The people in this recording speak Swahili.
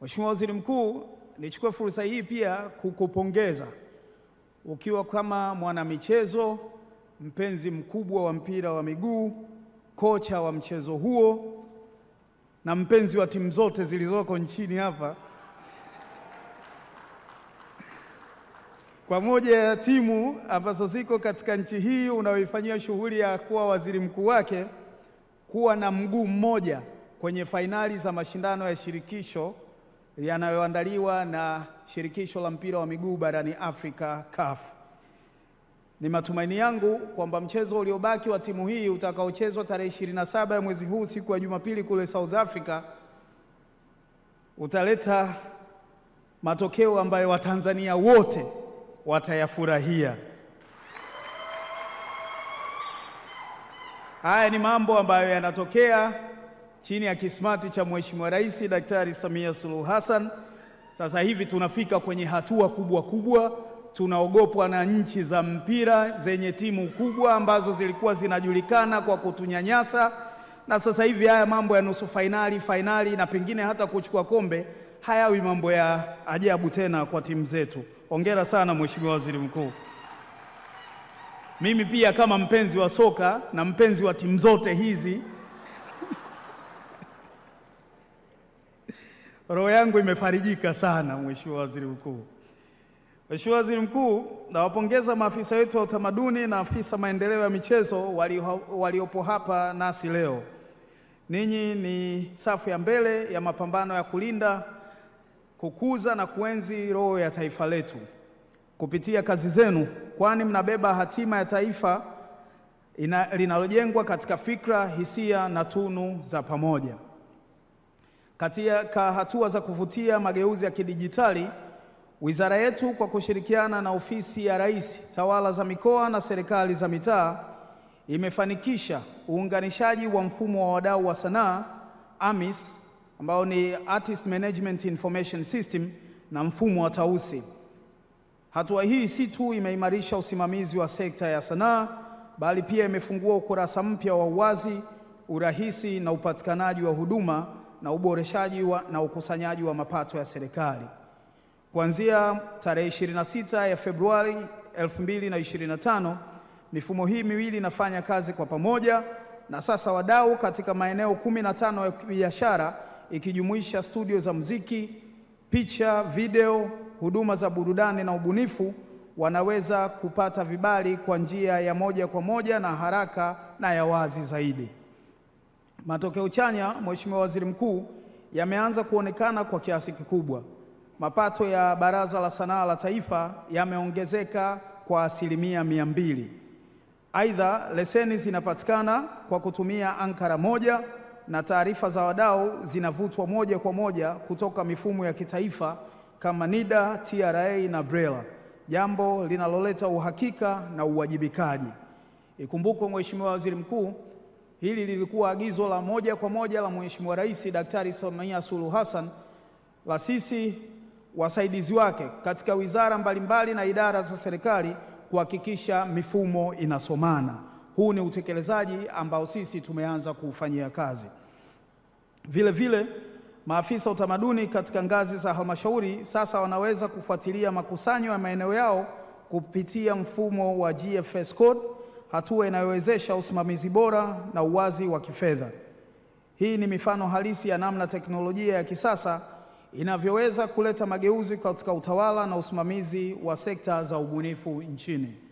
Mheshimiwa Waziri Mkuu, nichukue fursa hii pia kukupongeza ukiwa kama mwanamichezo, mpenzi mkubwa wa mpira wa miguu, kocha wa mchezo huo na mpenzi wa timu zote zilizoko nchini hapa. Kwa moja ya timu ambazo ziko katika nchi hii unaoifanyia shughuli ya kuwa waziri mkuu wake, kuwa na mguu mmoja kwenye fainali za mashindano ya shirikisho yanayoandaliwa na shirikisho la mpira wa miguu barani Afrika CAF. Ni matumaini yangu kwamba mchezo uliobaki wa timu hii utakaochezwa tarehe 27 ya mwezi huu siku ya Jumapili kule South Africa utaleta matokeo ambayo Watanzania wote watayafurahia. Haya ni mambo ambayo yanatokea chini ya kismati cha Mheshimiwa Rais Daktari Samia Suluhu Hassan. Sasa hivi tunafika kwenye hatua kubwa kubwa, tunaogopwa na nchi za mpira zenye timu kubwa ambazo zilikuwa zinajulikana kwa kutunyanyasa, na sasa hivi haya mambo ya nusu fainali, fainali na pengine hata kuchukua kombe hayawi mambo ya ajabu tena kwa timu zetu. Hongera sana Mheshimiwa Waziri Mkuu. Mimi pia kama mpenzi wa soka na mpenzi wa timu zote hizi roho yangu imefarijika sana, Mheshimiwa Waziri Mkuu. Mheshimiwa Waziri Mkuu, nawapongeza maafisa wetu wa utamaduni na afisa maendeleo ya michezo waliopo hapa nasi leo. Ninyi ni safu ya mbele ya mapambano ya kulinda, kukuza na kuenzi roho ya taifa letu kupitia kazi zenu, kwani mnabeba hatima ya taifa linalojengwa katika fikra, hisia na tunu za pamoja. Katika hatua za kuvutia mageuzi ya kidijitali, wizara yetu kwa kushirikiana na ofisi ya Rais, tawala za mikoa na serikali za mitaa imefanikisha uunganishaji wa mfumo wa wadau wa sanaa AMIS, ambao ni Artist Management Information System na mfumo wa Tausi. Hatua hii si tu imeimarisha usimamizi wa sekta ya sanaa, bali pia imefungua ukurasa mpya wa uwazi, urahisi na upatikanaji wa huduma na uboreshaji wa, na ukusanyaji wa mapato ya serikali kuanzia tarehe 26 ya Februari 2025 mifumo hii miwili inafanya kazi kwa pamoja, na sasa wadau katika maeneo 15 ya biashara ikijumuisha studio za muziki, picha, video, huduma za burudani na ubunifu wanaweza kupata vibali kwa njia ya moja kwa moja na haraka na ya wazi zaidi. Matokeo chanya, Mheshimiwa Waziri Mkuu, yameanza kuonekana kwa kiasi kikubwa. Mapato ya Baraza la Sanaa la Taifa yameongezeka kwa asilimia mia mbili. Aidha, leseni zinapatikana kwa kutumia ankara moja na taarifa za wadau zinavutwa moja kwa moja kutoka mifumo ya kitaifa kama NIDA, TRA na BRELA, jambo linaloleta uhakika na uwajibikaji. Ikumbukwe Mheshimiwa Waziri Mkuu, Hili lilikuwa agizo la moja kwa moja la Mheshimiwa Rais Daktari Samia Suluhu Hassan la sisi wasaidizi wake katika wizara mbalimbali na idara za serikali kuhakikisha mifumo inasomana. Huu ni utekelezaji ambao sisi tumeanza kuufanyia kazi. Vile vile maafisa utamaduni katika ngazi za halmashauri sasa wanaweza kufuatilia makusanyo ya maeneo yao kupitia mfumo wa GFS code hatua inayowezesha usimamizi bora na uwazi wa kifedha. Hii ni mifano halisi ya namna teknolojia ya kisasa inavyoweza kuleta mageuzi katika utawala na usimamizi wa sekta za ubunifu nchini.